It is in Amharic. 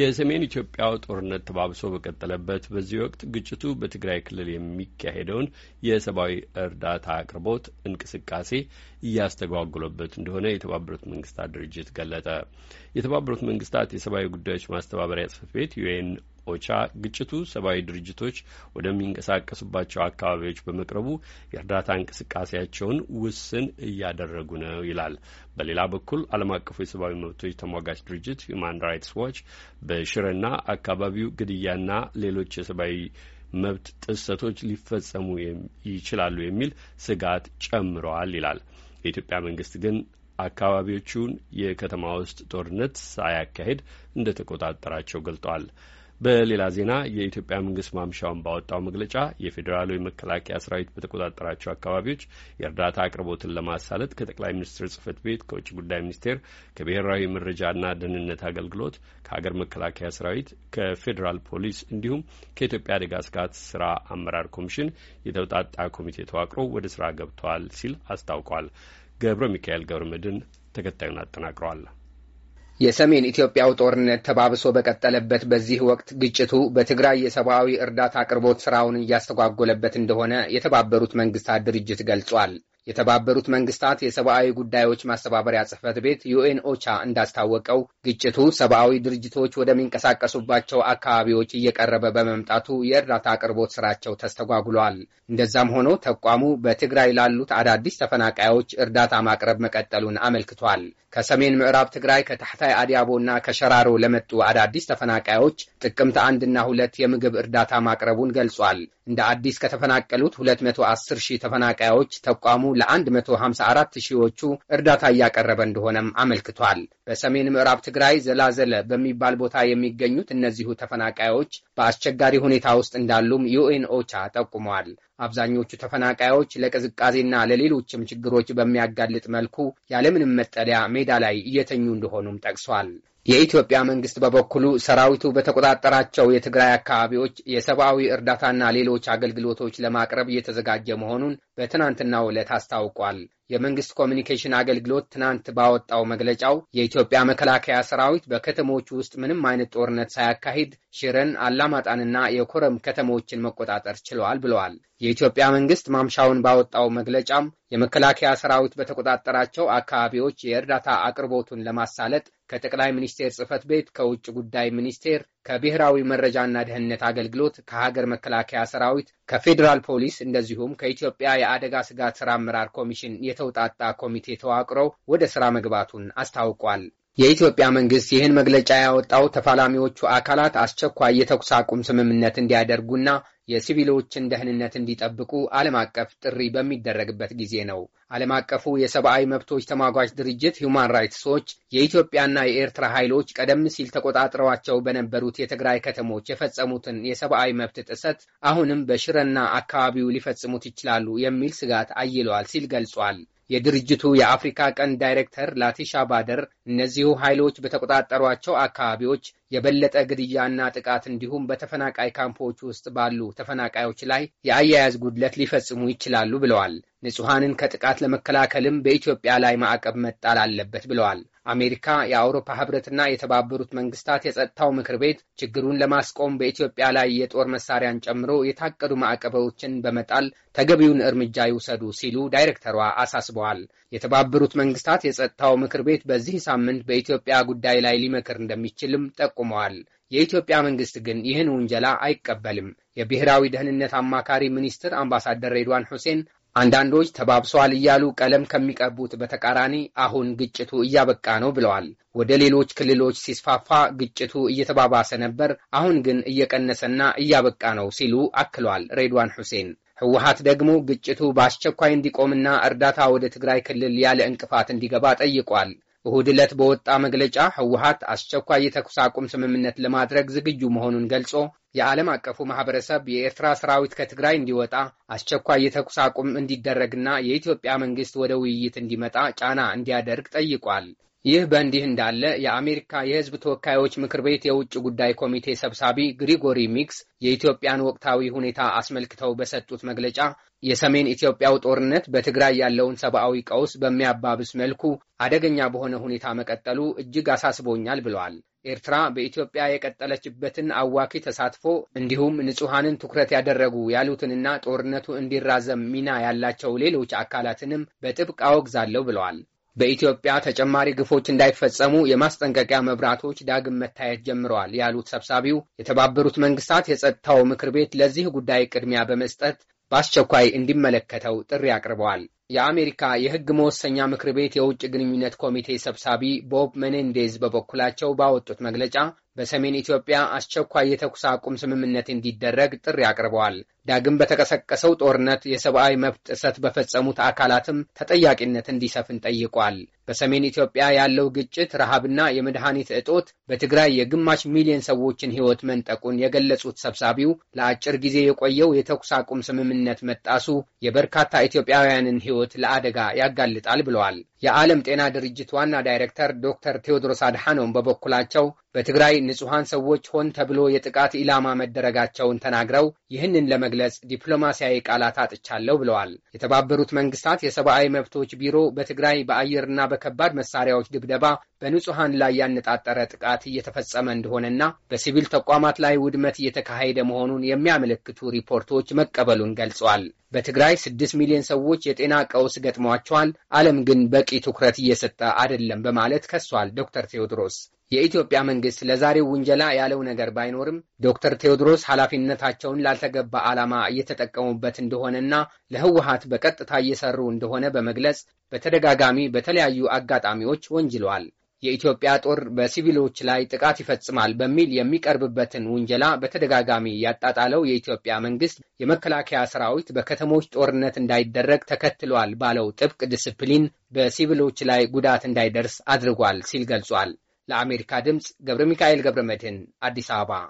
የሰሜን ኢትዮጵያው ጦርነት ተባብሶ በቀጠለበት በዚህ ወቅት ግጭቱ በትግራይ ክልል የሚካሄደውን የሰብአዊ እርዳታ አቅርቦት እንቅስቃሴ እያስተጓጉለበት እንደሆነ የተባበሩት መንግስታት ድርጅት ገለጠ። የተባበሩት መንግስታት የሰብአዊ ጉዳዮች ማስተባበሪያ ጽህፈት ቤት ዩኤን ኦቻ ግጭቱ ሰብአዊ ድርጅቶች ወደሚንቀሳቀሱባቸው አካባቢዎች በመቅረቡ የእርዳታ እንቅስቃሴያቸውን ውስን እያደረጉ ነው ይላል። በሌላ በኩል ዓለም አቀፉ የሰብአዊ መብቶች ተሟጋች ድርጅት ሁማን ራይትስ ዋች በሽረና አካባቢው ግድያና ሌሎች የሰብአዊ መብት ጥሰቶች ሊፈጸሙ ይችላሉ የሚል ስጋት ጨምረዋል ይላል። የኢትዮጵያ መንግስት ግን አካባቢዎቹን የከተማ ውስጥ ጦርነት ሳያካሂድ እንደተቆጣጠራቸው ገልጠዋል። በሌላ ዜና የኢትዮጵያ መንግስት ማምሻውን ባወጣው መግለጫ የፌዴራሉ የመከላከያ ሰራዊት በተቆጣጠራቸው አካባቢዎች የእርዳታ አቅርቦትን ለማሳለጥ ከጠቅላይ ሚኒስትር ጽህፈት ቤት፣ ከውጭ ጉዳይ ሚኒስቴር፣ ከብሔራዊ መረጃና ደህንነት አገልግሎት፣ ከሀገር መከላከያ ሰራዊት፣ ከፌዴራል ፖሊስ እንዲሁም ከኢትዮጵያ አደጋ ስጋት ስራ አመራር ኮሚሽን የተውጣጣ ኮሚቴ ተዋቅሮ ወደ ስራ ገብተዋል ሲል አስታውቋል። ገብረ ሚካኤል ገብረ መድን ተከታዩን አጠናቅረዋል። የሰሜን ኢትዮጵያው ጦርነት ተባብሶ በቀጠለበት በዚህ ወቅት ግጭቱ በትግራይ የሰብአዊ እርዳታ አቅርቦት ስራውን እያስተጓጎለበት እንደሆነ የተባበሩት መንግስታት ድርጅት ገልጿል። የተባበሩት መንግስታት የሰብአዊ ጉዳዮች ማስተባበሪያ ጽህፈት ቤት ዩኤን ኦቻ እንዳስታወቀው ግጭቱ ሰብአዊ ድርጅቶች ወደሚንቀሳቀሱባቸው አካባቢዎች እየቀረበ በመምጣቱ የእርዳታ አቅርቦት ስራቸው ተስተጓጉሏል። እንደዛም ሆኖ ተቋሙ በትግራይ ላሉት አዳዲስ ተፈናቃዮች እርዳታ ማቅረብ መቀጠሉን አመልክቷል። ከሰሜን ምዕራብ ትግራይ ከታሕታይ እና ከሸራሮ ለመጡ አዳዲስ ተፈናቃዮች ጥቅምት አንድና ሁለት የምግብ እርዳታ ማቅረቡን ገልጿል። እንደ አዲስ ከተፈናቀሉት 210 ሺህ ተፈናቃዮች ተቋሙ ለ154 ሺዎቹ እርዳታ እያቀረበ እንደሆነም አመልክቷል። በሰሜን ምዕራብ ትግራይ ዘላዘለ በሚባል ቦታ የሚገኙት እነዚሁ ተፈናቃዮች በአስቸጋሪ ሁኔታ ውስጥ እንዳሉም ዩኤን ኦቻ ጠቁመዋል። አብዛኞቹ ተፈናቃዮች ለቅዝቃዜና ለሌሎችም ችግሮች በሚያጋልጥ መልኩ ያለምንም መጠለያ ሜዳ ላይ እየተኙ እንደሆኑም ጠቅሷል። የኢትዮጵያ መንግስት በበኩሉ ሰራዊቱ በተቆጣጠራቸው የትግራይ አካባቢዎች የሰብአዊ እርዳታና ሌሎች አገልግሎቶች ለማቅረብ እየተዘጋጀ መሆኑን በትናንትናው ዕለት አስታውቋል። የመንግስት ኮሚኒኬሽን አገልግሎት ትናንት ባወጣው መግለጫው የኢትዮጵያ መከላከያ ሰራዊት በከተሞቹ ውስጥ ምንም አይነት ጦርነት ሳያካሂድ ሽረን፣ አላማጣንና የኮረም ከተሞችን መቆጣጠር ችለዋል ብለዋል። የኢትዮጵያ መንግስት ማምሻውን ባወጣው መግለጫም የመከላከያ ሰራዊት በተቆጣጠራቸው አካባቢዎች የእርዳታ አቅርቦቱን ለማሳለጥ ከጠቅላይ ሚኒስቴር ጽህፈት ቤት፣ ከውጭ ጉዳይ ሚኒስቴር፣ ከብሔራዊ መረጃና ደህንነት አገልግሎት፣ ከሀገር መከላከያ ሰራዊት፣ ከፌዴራል ፖሊስ እንደዚሁም ከኢትዮጵያ የአደጋ ስጋት ስራ አመራር ኮሚሽን የተውጣጣ ኮሚቴ ተዋቅሮ ወደ ስራ መግባቱን አስታውቋል። የኢትዮጵያ መንግስት ይህን መግለጫ ያወጣው ተፋላሚዎቹ አካላት አስቸኳይ የተኩስ አቁም ስምምነት እንዲያደርጉና የሲቪሎችን ደህንነት እንዲጠብቁ ዓለም አቀፍ ጥሪ በሚደረግበት ጊዜ ነው። ዓለም አቀፉ የሰብአዊ መብቶች ተሟጋች ድርጅት ሁማን ራይትስ ዎች የኢትዮጵያና የኤርትራ ኃይሎች ቀደም ሲል ተቆጣጥረዋቸው በነበሩት የትግራይ ከተሞች የፈጸሙትን የሰብአዊ መብት ጥሰት አሁንም በሽረና አካባቢው ሊፈጽሙት ይችላሉ የሚል ስጋት አይለዋል ሲል ገልጿል። የድርጅቱ የአፍሪካ ቀንድ ዳይሬክተር ላቲሻ ባደር እነዚሁ ኃይሎች በተቆጣጠሯቸው አካባቢዎች የበለጠ ግድያና ጥቃት እንዲሁም በተፈናቃይ ካምፖች ውስጥ ባሉ ተፈናቃዮች ላይ የአያያዝ ጉድለት ሊፈጽሙ ይችላሉ ብለዋል። ንጹሐንን ከጥቃት ለመከላከልም በኢትዮጵያ ላይ ማዕቀብ መጣል አለበት ብለዋል። አሜሪካ፣ የአውሮፓ ህብረትና የተባበሩት መንግስታት የጸጥታው ምክር ቤት ችግሩን ለማስቆም በኢትዮጵያ ላይ የጦር መሳሪያን ጨምሮ የታቀዱ ማዕቀቦችን በመጣል ተገቢውን እርምጃ ይውሰዱ ሲሉ ዳይሬክተሯ አሳስበዋል። የተባበሩት መንግስታት የጸጥታው ምክር ቤት በዚህ ሳምንት በኢትዮጵያ ጉዳይ ላይ ሊመክር እንደሚችልም ጠቁመዋል። የኢትዮጵያ መንግስት ግን ይህን ውንጀላ አይቀበልም። የብሔራዊ ደህንነት አማካሪ ሚኒስትር አምባሳደር ሬድዋን ሁሴን አንዳንዶች ተባብሰዋል እያሉ ቀለም ከሚቀቡት በተቃራኒ አሁን ግጭቱ እያበቃ ነው ብለዋል። ወደ ሌሎች ክልሎች ሲስፋፋ ግጭቱ እየተባባሰ ነበር፣ አሁን ግን እየቀነሰና እያበቃ ነው ሲሉ አክሏል ሬድዋን ሁሴን። ህወሀት ደግሞ ግጭቱ በአስቸኳይ እንዲቆምና እርዳታ ወደ ትግራይ ክልል ያለ እንቅፋት እንዲገባ ጠይቋል። እሁድ ዕለት በወጣ መግለጫ ህወሀት አስቸኳይ የተኩስ አቁም ስምምነት ለማድረግ ዝግጁ መሆኑን ገልጾ የዓለም አቀፉ ማህበረሰብ የኤርትራ ሰራዊት ከትግራይ እንዲወጣ አስቸኳይ የተኩስ አቁም እንዲደረግና የኢትዮጵያ መንግስት ወደ ውይይት እንዲመጣ ጫና እንዲያደርግ ጠይቋል። ይህ በእንዲህ እንዳለ የአሜሪካ የሕዝብ ተወካዮች ምክር ቤት የውጭ ጉዳይ ኮሚቴ ሰብሳቢ ግሪጎሪ ሚክስ የኢትዮጵያን ወቅታዊ ሁኔታ አስመልክተው በሰጡት መግለጫ የሰሜን ኢትዮጵያው ጦርነት በትግራይ ያለውን ሰብአዊ ቀውስ በሚያባብስ መልኩ አደገኛ በሆነ ሁኔታ መቀጠሉ እጅግ አሳስቦኛል ብለዋል። ኤርትራ በኢትዮጵያ የቀጠለችበትን አዋኪ ተሳትፎ እንዲሁም ንጹሐንን ትኩረት ያደረጉ ያሉትንና ጦርነቱ እንዲራዘም ሚና ያላቸው ሌሎች አካላትንም በጥብቅ አወግዛለሁ ብለዋል። በኢትዮጵያ ተጨማሪ ግፎች እንዳይፈጸሙ የማስጠንቀቂያ መብራቶች ዳግም መታየት ጀምረዋል ያሉት ሰብሳቢው የተባበሩት መንግስታት የጸጥታው ምክር ቤት ለዚህ ጉዳይ ቅድሚያ በመስጠት በአስቸኳይ እንዲመለከተው ጥሪ አቅርበዋል። የአሜሪካ የሕግ መወሰኛ ምክር ቤት የውጭ ግንኙነት ኮሚቴ ሰብሳቢ ቦብ ሜኔንዴዝ በበኩላቸው ባወጡት መግለጫ በሰሜን ኢትዮጵያ አስቸኳይ የተኩስ አቁም ስምምነት እንዲደረግ ጥሪ አቅርበዋል። ዳግም በተቀሰቀሰው ጦርነት የሰብአዊ መብት ጥሰት በፈጸሙት አካላትም ተጠያቂነት እንዲሰፍን ጠይቋል። በሰሜን ኢትዮጵያ ያለው ግጭት፣ ረሃብና የመድኃኒት እጦት በትግራይ የግማሽ ሚሊዮን ሰዎችን ሕይወት መንጠቁን የገለጹት ሰብሳቢው ለአጭር ጊዜ የቆየው የተኩስ አቁም ስምምነት መጣሱ የበርካታ ኢትዮጵያውያንን ሕይወት ሕይወት ለአደጋ ያጋልጣል ብለዋል። የዓለም ጤና ድርጅት ዋና ዳይሬክተር ዶክተር ቴዎድሮስ አድሓኖም በበኩላቸው በትግራይ ንጹሐን ሰዎች ሆን ተብሎ የጥቃት ኢላማ መደረጋቸውን ተናግረው ይህንን ለመግለጽ ዲፕሎማሲያዊ ቃላት አጥቻለሁ ብለዋል። የተባበሩት መንግስታት የሰብአዊ መብቶች ቢሮ በትግራይ በአየርና በከባድ መሳሪያዎች ድብደባ በንጹሐን ላይ ያነጣጠረ ጥቃት እየተፈጸመ እንደሆነና በሲቪል ተቋማት ላይ ውድመት እየተካሄደ መሆኑን የሚያመለክቱ ሪፖርቶች መቀበሉን ገልጿል። በትግራይ ስድስት ሚሊዮን ሰዎች የጤና ቀውስ ገጥሟቸዋል። ዓለም ግን በቂ ትኩረት እየሰጠ አይደለም በማለት ከሷል ዶክተር ቴዎድሮስ። የኢትዮጵያ መንግስት ለዛሬው ውንጀላ ያለው ነገር ባይኖርም ዶክተር ቴዎድሮስ ኃላፊነታቸውን ላልተገባ ዓላማ እየተጠቀሙበት እንደሆነና ለህወሀት በቀጥታ እየሰሩ እንደሆነ በመግለጽ በተደጋጋሚ በተለያዩ አጋጣሚዎች ወንጅለዋል። የኢትዮጵያ ጦር በሲቪሎች ላይ ጥቃት ይፈጽማል በሚል የሚቀርብበትን ውንጀላ በተደጋጋሚ ያጣጣለው የኢትዮጵያ መንግስት የመከላከያ ሰራዊት በከተሞች ጦርነት እንዳይደረግ ተከትሏል ባለው ጥብቅ ዲስፕሊን በሲቪሎች ላይ ጉዳት እንዳይደርስ አድርጓል ሲል ገልጿል። ለአሜሪካ ድምፅ ገብረ ሚካኤል ገብረ መድህን አዲስ አበባ